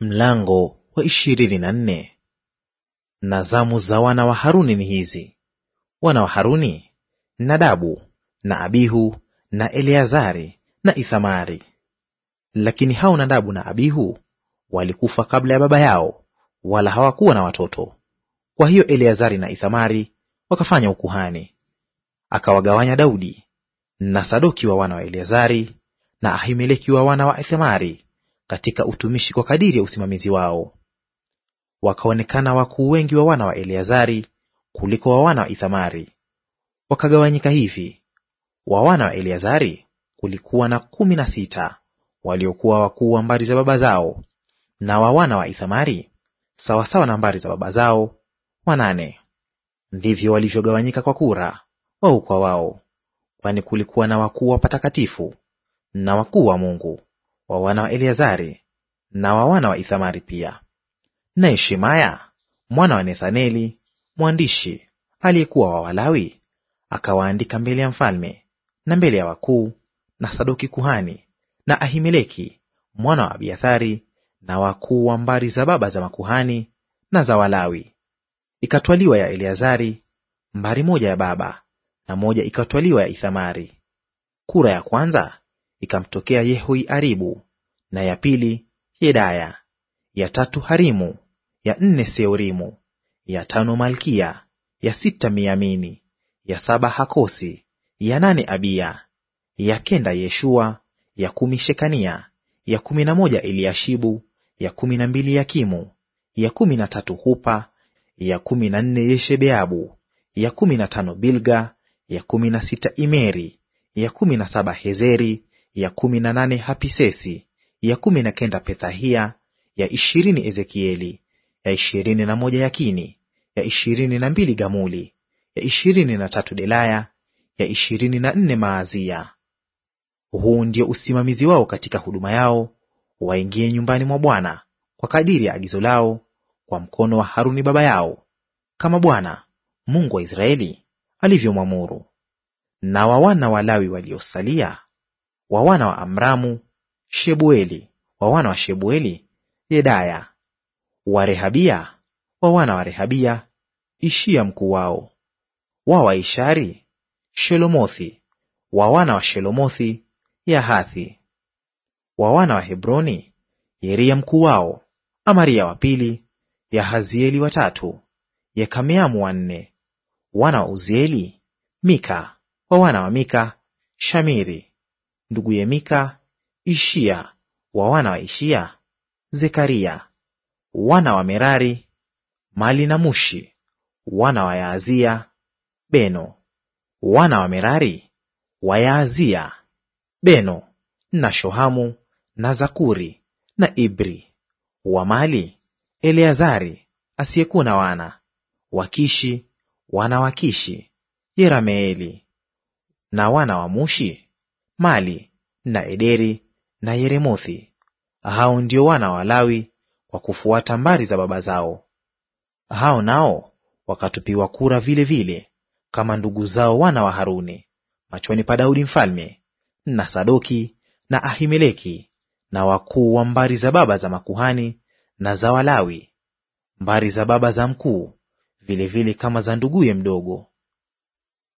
Mlango wa ishirini na nne. Na zamu za wana wa Haruni ni hizi: wana wa Haruni, Nadabu na Abihu na Eleazari na Ithamari. Lakini hao Nadabu na Abihu walikufa kabla ya baba yao, wala hawakuwa na watoto. Kwa hiyo Eleazari na Ithamari wakafanya ukuhani. Akawagawanya Daudi na Sadoki wa wana wa Eleazari na Ahimeleki wa wana wa Ithamari katika utumishi kwa kadiri ya usimamizi wao. Wakaonekana wakuu wengi wa wana wa Eleazari kuliko wa wana wa Ithamari. Wakagawanyika hivi: wa wana wa Eleazari kulikuwa na kumi na sita waliokuwa wakuu wa mbari za baba zao, na wa wana wa Ithamari sawasawa na mbari za baba zao wanane. Ndivyo walivyogawanyika kwa kura wao kwa wao, kwani kulikuwa na wakuu wa patakatifu na wakuu wa Mungu wa wana wa Eleazari na wa wana wa Ithamari pia. Naye Shemaya mwana wa Nethaneli mwandishi aliyekuwa wa Walawi akawaandika mbele ya mfalme na mbele ya wakuu na Sadoki kuhani na Ahimeleki mwana wa Abiathari na wakuu wa mbari za baba za makuhani na za Walawi. Ikatwaliwa ya Eleazari mbari moja ya baba na moja ikatwaliwa ya Ithamari. Kura ya kwanza ikamtokea aribu na ya pili Yedaya, ya tatu Harimu, ya nne Seorimu, ya tano Malkia, ya sita Miamini, ya saba Hakosi, ya nane Abiya, ya kenda Yeshua, ya kumi Shekania, ya kumi na moja Eliashibu, ya kumi na mbili Yakimu, ya kumi na tatu Hupa, ya kumi na nne Yeshebeabu, ya kumi na tano Bilga, ya kumi na sita Imeri, ya kumi na saba Hezeri, ya kumi na nane Hapisesi, ya kumi na kenda Pethahia, ya ishirini Ezekieli, ya ishirini na moja Yakini, ya ishirini na mbili Gamuli, ya ishirini na tatu Delaya, ya ishirini na nne Maazia. Huu ndio usimamizi wao katika huduma yao waingie nyumbani mwa Bwana kwa kadiri ya agizo lao kwa mkono wa Haruni baba yao, kama Bwana Mungu wa Israeli alivyomwamuru. Na wa wana wa Lawi waliosalia wa wana wa Amramu Shebueli; wa wana wa Shebueli, Yedaya; wa Rehabia, wa wana wa Rehabia, Ishia mkuu wao; wa Waishari, Shelomothi; wa wana wa Shelomothi, Yahathi; wa wana wa Hebroni, Yeria mkuu wao, Amaria wa pili, Yahazieli wa tatu, Yekameamu wa nne; wana wa Uzieli, Mika; wa wana wa Mika, Shamiri; nduguye Mika Ishia wa wana wa Ishia, Zekaria. Wana wa Merari, Mali na Mushi. Wana wa Yaazia, Beno. Wana wa Merari, wa Yaazia, Beno na Shohamu na Zakuri na Ibri. Wa Mali, Eleazari asiyekuwa na wana. Wakishi, wana wa Kishi, Yerameeli. Na wana wa Mushi, Mali na Ederi na Yeremothi. Hao ndio wana wa Lawi kwa kufuata mbari za baba zao. Hao nao wakatupiwa kura vile vile kama ndugu zao wana wa Haruni machoni pa Daudi mfalme na Sadoki na Ahimeleki na wakuu wa mbari za baba za makuhani na za Walawi, mbari za baba za mkuu vile vile kama za nduguye mdogo.